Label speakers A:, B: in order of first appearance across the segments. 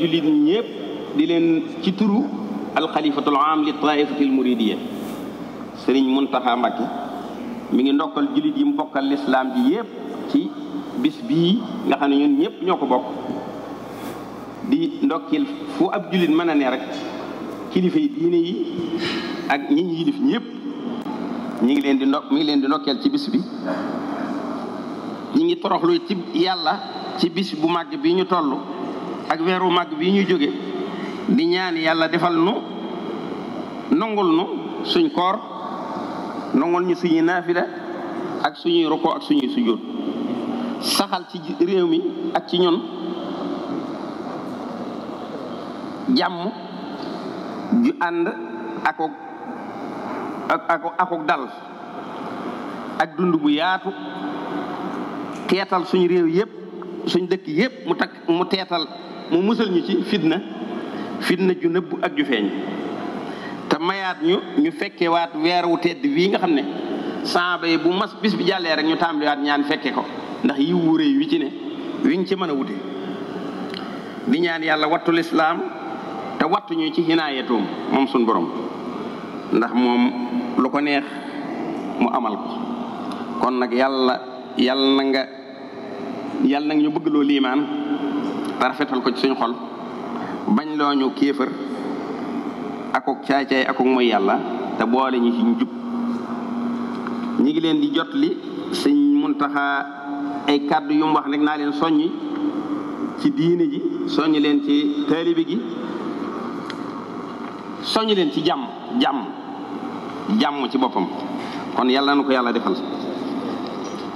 A: jullit ñëpp di leen ci turu alxalifatul am li taifatil muridiyya sëriñ Muntaxa Mbàkke mi ngi ndokkal jullit yi mbokkal lislaam bi yëpp ci bis bi nga xam ne ñun ñëpp ñoo ko bokk di ndokkil fu ab jullit mën a ne rek kilifa yi diine yi ak ñi ñi def ñëpp ñi ngi leen di ndok mi ngi leen di ndokkeel ci bis bi ñi ngi toroxlu ci yàlla ci bis bu màgg bi ñu toll ak weeru màgg wi ñu jóge di ñaan yàlla defal nu nongul nu suñ koor nongul ñu suñu naafila ak suñuy roko ak suñuy sujjóot saxal ci réew mi ak ci ñun jàmm ju ànd akok ak dal ak dund bu yaatu teetal suñu réew yépp suñ dëkk yépp mu teetal mu musal ñu ci fitna fitna ju nëbb ak ju feeñ te mayaat ñu ñu fekke waat weer wu tedd wii nga xam ne saaba yi bu mas bis bi jàllee rek ñu tàmbaliwaat ñaan fekke ko ndax yi wu rëy wi ci ne wiñ ci man a wute di ñaan yàlla wattu lislaam te wattuñu ci hinaayatoom moom suñ borom ndax moom lu ko neex mu amal ko kon nag yàlla yàlla na nga yàlla na ñu bëggaloo liimaan tarfetal ko ci suñ xol bañ looñu ñu kéefër akuk caay-caay akuk mooy yàlla te boole ñu ci njub ñi ngi leen di jot li sëñ Muntaxa ay kàddu yu mu wax rek naa leen soññi ci diine ji soññi leen ci taalibe gi soññi leen ci jàmm jàmm jàmm ci boppam kon yàlla na ko yàlla defal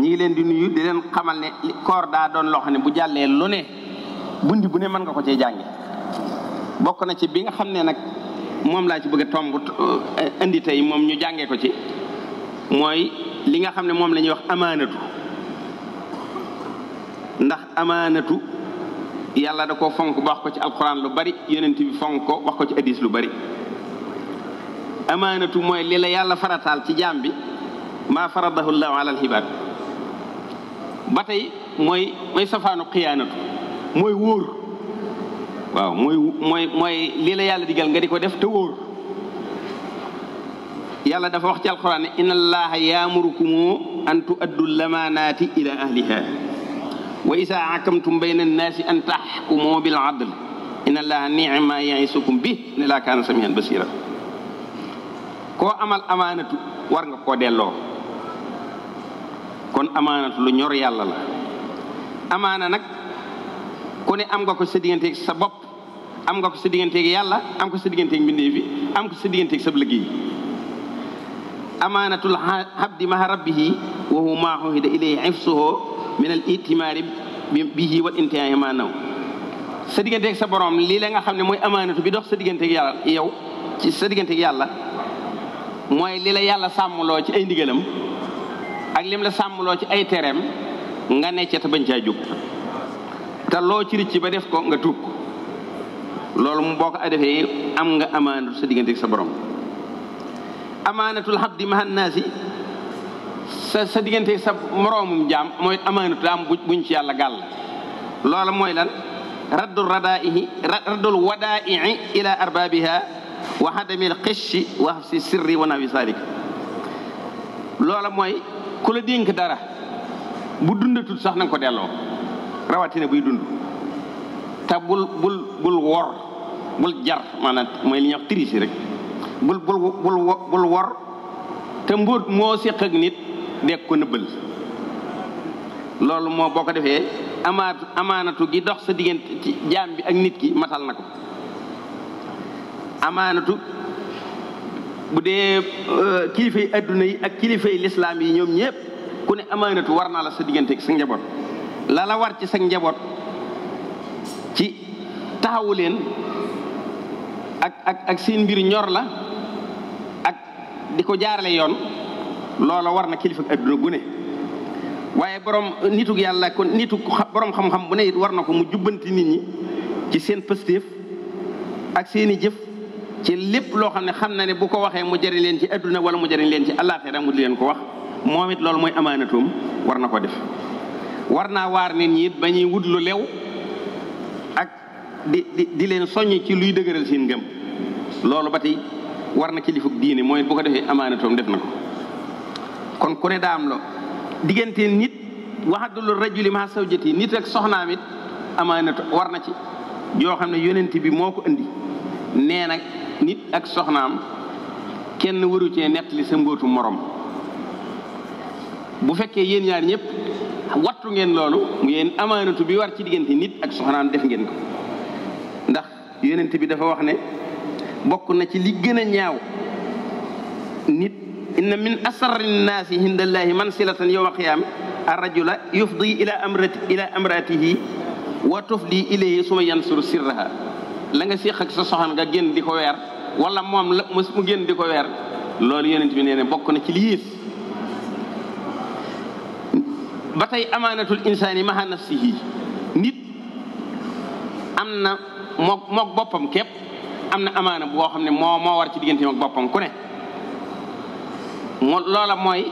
A: ñi ngi leen di nuyu di leen xamal ne koor daa doon loo ne bu jàllee lu ne bundi bu ne mën nga ko cee jànge bokk na ci bi nga xam ne nag moom laa ci bëgg a tomb eh, indi moom ñu jànge ko ci mooy li nga xam ne moom la ñuy wax amaanatu ndax amaanatu yàlla da ko fonk ba wax ko ci alquran lu bari yonent bi fonk ko wax ko ci hadis lu bari amaanatu mooy li la yàlla farataal ci jaam bi maa faradahu llahu ala ba tey mooy mooy safaanu xiyaanatu moy wóor waaw mooy mooy lii la yàlla digal nga di ko def te yàlla dafa wax ci alquran ne inna allaha yaamurukum an tuaddu lamaanaati ila ahliha wa isa xakamtum bayna annaasi an taxkumu bil adl inna allaha nicma yaisukum bi ne laa kaana samihan basira koo amal amaanatu war nga koo delloo kon amaanatu lu ñor yàlla la amaana nag ku ne am nga ko sa digganteeg sa bopp am nga ko sa digganteeg yàlla am ko sa digganteeg mbindeef bi am ko sa digganteeg sa liggéey amaanatul abdi maha rabbihi wa huwa maa uhida ilayhi hifsuhu min al itimaari bihi sa digganteeg sa borom lii la nga xam ne mooy amaanatu bi dox sa digganteeg yàlla yow ci sa digganteeg yàlla mooy li la yàlla sàmmloo ci ay ndigalam ak lim la sàmmloo ci ay tereem nga necce te bañ caa jóg te loo ci ricci ba def ko nga tuub ko loolu mu boo ko defee am nga amaanatu sa diggante sa borom amaanatul xabdi mahan naasi sa sa diggante sa moroomum jaam mooy amaanatu daam buñ ci yàlla gàll loola mooy lan raddul radaihi raddul wadaihi ila arbaabiha wa xadamil xishi wa xafsi sirri wa nawi salik loola mooy ku la dénk dara bu dundatul sax nanga ko delloo rawatina buy dund ta bul bul bul wor jar maanaam mooy li ñuy wax rek bul bul wor te mbóot moo séq ak nit deg ko nëbbal loolu moo boo ko defee amaat amaanatu gi dox sa diggante ci jaam bi ak nit ki matal na ko amaanatu bu dee euh, kilifay adduna yi ak kilifay lislaam yi ñoom ñëpp ku ne amaanatu war naa la sa diggante ak sa njaboot la war ci sa njaboot ci taxawu leen ak ak ak seen mbir ñor la ak di ko jaarale yoon loola war na kilifa adduna gu ne waaye borom nituk yàlla kon nitu borom xam-xam bu ne it war na ko mu jubbanti nit ñi ci seen pëstéef ak seeni jëf ci lépp loo xam ne xam na ne bu ko waxee mu jëriñ leen ci adduna wala mu jëriñ leen ci àllaaxira mu di leen ko wax moom it loolu mooy amaanatum war na ko def war naa waar nit ñi it ba ñuy wut lu lew ak di di leen soññ ci luy dëgëral seen ngëm loolu ba tey war na kilifa diine mooy bu ko defee amaanatoom def na ko kon ku ne daam lo diggante nit waxadulu rajuli ma sawjati nit ak soxnaam it amaanatu war na ci yoo xam ne yonent bi moo ko indi nee nag nit ak soxnaam kenn waru cee nettali sa mbóotu moroom bu fekkee yéen ñaar ñëpp wattu ngeen loolu mu yéen amaanatu bi war ci diggante nit ak soxnaam def ngeen ko ndax yonent bi dafa wax ne bokk na ci li gën a ñaaw nit inna min yi man asarri nnaasi hindallaahi mansilatan yowma qiyaama arrajula yufdi ila amrati ila amratihi wa tufdi ilayhi suma yansuru sirraha la nga séq ak sa soxna nga génn di ko weer wala moom la mu génn di ko weer loolu yonent bi nee ne bokk na ci li yées ba tey amaanatul insaani maha nafsihi nit am na moo mook boppam képp am na amaana boo xam ne moo moo war ci diggante mook boppam ku ne moo loola mooy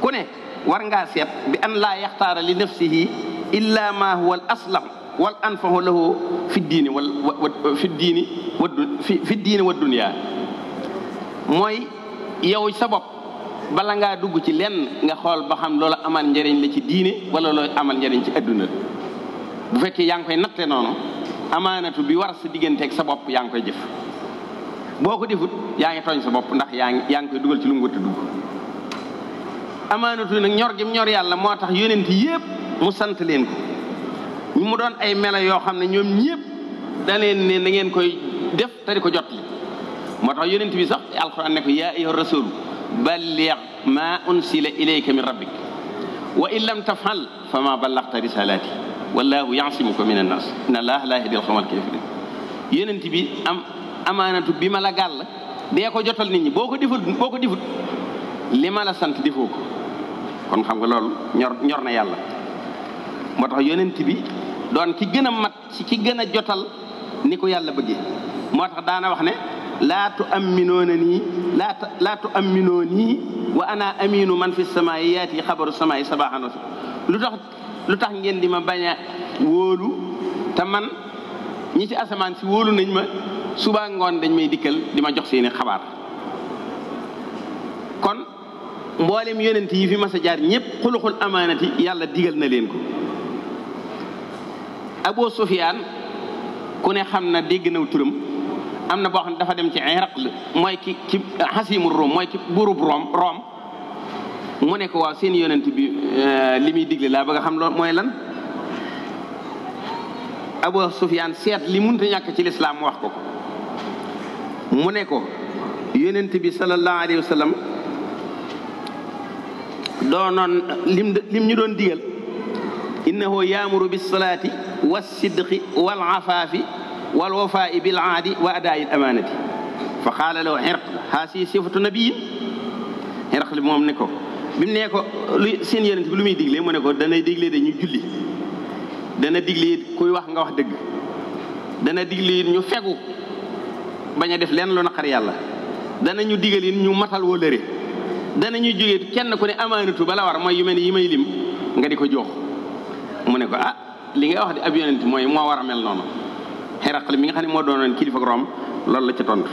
A: ku ne war ngaa seet bi an laa yaxtaara li nafsihi illa ma huwa aslam wal anfahu lahu fi diini wal fi diini wa fi diini wa dunya mooy yow sa bopp bala ngaa dugg ci lenn nga xool ba xam loola amal njariñ la ci diine wala looy amal njariñ ci adduna bu fekkee yaa ngi koy natte noonu amaanatu bi war sa digganteek sa bopp yaa ngi koy jëf boo ko defut yaa ngi tooñ sa bopp ndax yaa ngi yaa ngi dugal ci lu mu wëtt dugg amaanatu nag ñor gi ñor yàlla moo tax yonent yépp mu sant leen ko mu doon ay melo yoo xam ne ñoom ñépp da leen ne na ngeen koy def te ko jot li moo tax yonent bi sax alxuraan ne ko yaa ayyuha rasulu balligh ma unsila ilayka min rabbik wa in lam tafal fa ma ballaxta risalaati wallahu yaasimuka min annas inna allaha la yahdi alqawma alkafirin yonent bi am amaanatu bi ma la gàll dee ko jotal nit ñi boo ko deful boo ko defut li ma la sant defoo kon xam nga lool ñor ñor na yàlla moo tax yonent bi doon ki gën a mat ci ki gën a jotal ni ko yàlla bëggee moo tax daana wax ne laatu tu aminoona nii laatu am tu nii wa ana aminu man fi sama yi yaati xabaru sama yi lu tax lu tax ngeen di ma bañ a wóolu te man ñi ci asamaan si wóolu nañ ma subaa ngoon dañ may dikkal di ma jox seeni xabaar kon mboolem yonent yi fi mas a jaar ñëpp xuluxul amaanati yàlla diggal na leen ko Abu Sufyaan ku ne xam na dégg naw am na boo xam ne dafa dem ci Iraql mooy ki ci xasimu Rom mooy ki buurub Rom Rom mu ne ko waaw seen yonent bi eh, li muy digle laa bëgg a xam loolu mooy lan Abu Sufyaan seet li mënut a ñàkk ci lislaam wax ko ko mu ne ko yonent bi sallallahu alayhi wa sallam doonoon doon digal innahu salaati was sidqi wal afaafi wal wafaa'i bil aadi wa adaa'i al amaanati fa qaala lahu Hirql haasi sifatu nabiyyin Hirql moom ne ko bi mu nee ko lu seen yonent bi lu muy digle mu ne ko dana digle dañu julli dana digle it kuy wax nga wax dëgg dana digle it ñu fegu bañ a def leen lu naqar yàlla danañu digal it ñu matal wóllëre danañu jóge kenn ku ne amaanatu bala war mooy yu mel ni yi may lim nga di ko jox mu ne ko ah li ngay wax di ab yonent mooy moo war a mel noonu xeraqal mi nga xam ne moo doonoon kilifa Rome loolu la ca tontu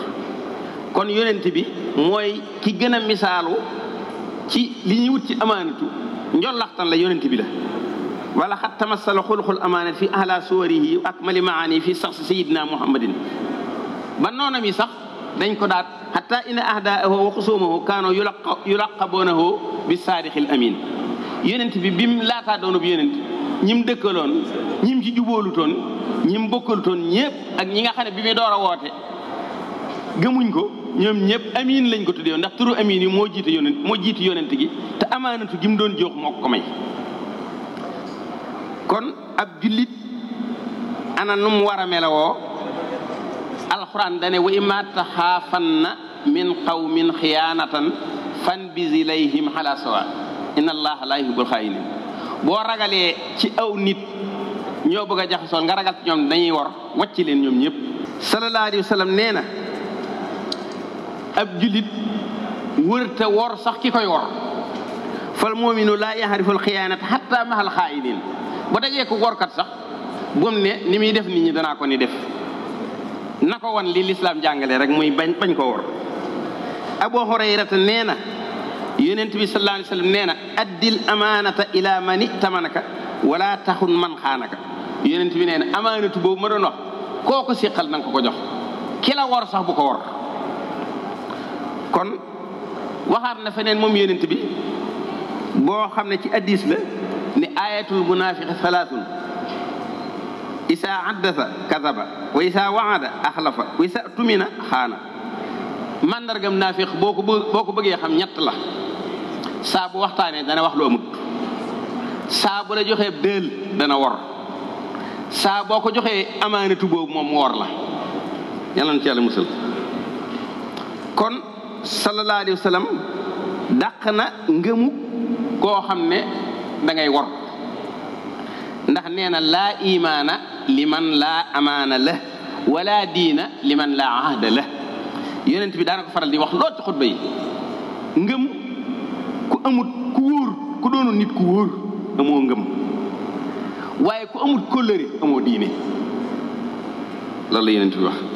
A: kon yonent bi mooy ki gën a misaalu ci li ñuy wut ci amaanatu njollaxtan la yonent bi la wala xat tamassala xulxul amaanat fi ahla suwarihi ak mali maani fi sax sayidna muhammadin ba yi sax dañ ko daat xata ina ahdaahu wa xusuumahu kaano yulaqaboonahu bi saadixil amin yonent bi bim laataa doonub yonent ñim dëkkaloon ñim ci jubóolutoon ñim bokkalutoon ñëpp ak ñi nga xam ne bi muy door a woote gëmuñ ko ñoom ñëpp amiin lañ ko tuddee ndax turu amiin yi moo jiite yonent moo jiite yonent gi te amaanatu gi mu doon jox moo ko may kon ab jullit ana nu mu war a melawoo alxuraan dane wa imma taxaafanna min qawmin xiyaanatan fan bis ilayhim ala sawa inna allaha la yuhibbul boo ragalee ci aw nit ñoo bëgg a jaxasoon nga ragal ci ñoom dañuy wor wàcc leen ñoom ñëpp sallallahu alayhi wa nee na ab julit wërta wor sax ki koy wor fal mu'minu laa yaxarifu alxiyaanata xatta mahal xaayinin ba dajee ko workat sax gom ne ni muy def ni ñu danaa ko ni def na ko wan li lislaam jàngale rek muy bañ bañ ko wor abu hurayrata nee na yonent bi sallallahu nee na addil amaanata ila mani tamanaka wala taxun man xaanaka yonent bi nee na amaanatu boobu ma doon wax koo ko séqal na ko ko jox ki la wor sax bu ko wor kon waxaat na feneen moom yonent bi boo xam ne ci addis la ne ayatul munafiqi salaatun isaa addasa kazaba wa isaa waada axlafa wa isaa tumina xaana mandargam naafiq boo ko boo ko bëggee xam ñett la saa bu waxtaanee dana wax lu amut saa bu la joxe dël dana wor saa boo ko joxee amaanatu boobu moom wor la yàlla na ci yàlla kon sallallahu alayhi wa sallam na ngëmu koo xam ne dangay ngay wor ndax nee na laa imaana man laa amaana la wala diina liman laa ahda la yonent bi daana ko faral di wax lool ci xutba yi ngëm amut ku wóor ku doonu nit ku wóor amoo ngëm waaye ku amut kóllëre amoo diine loolu la yeneen bi wax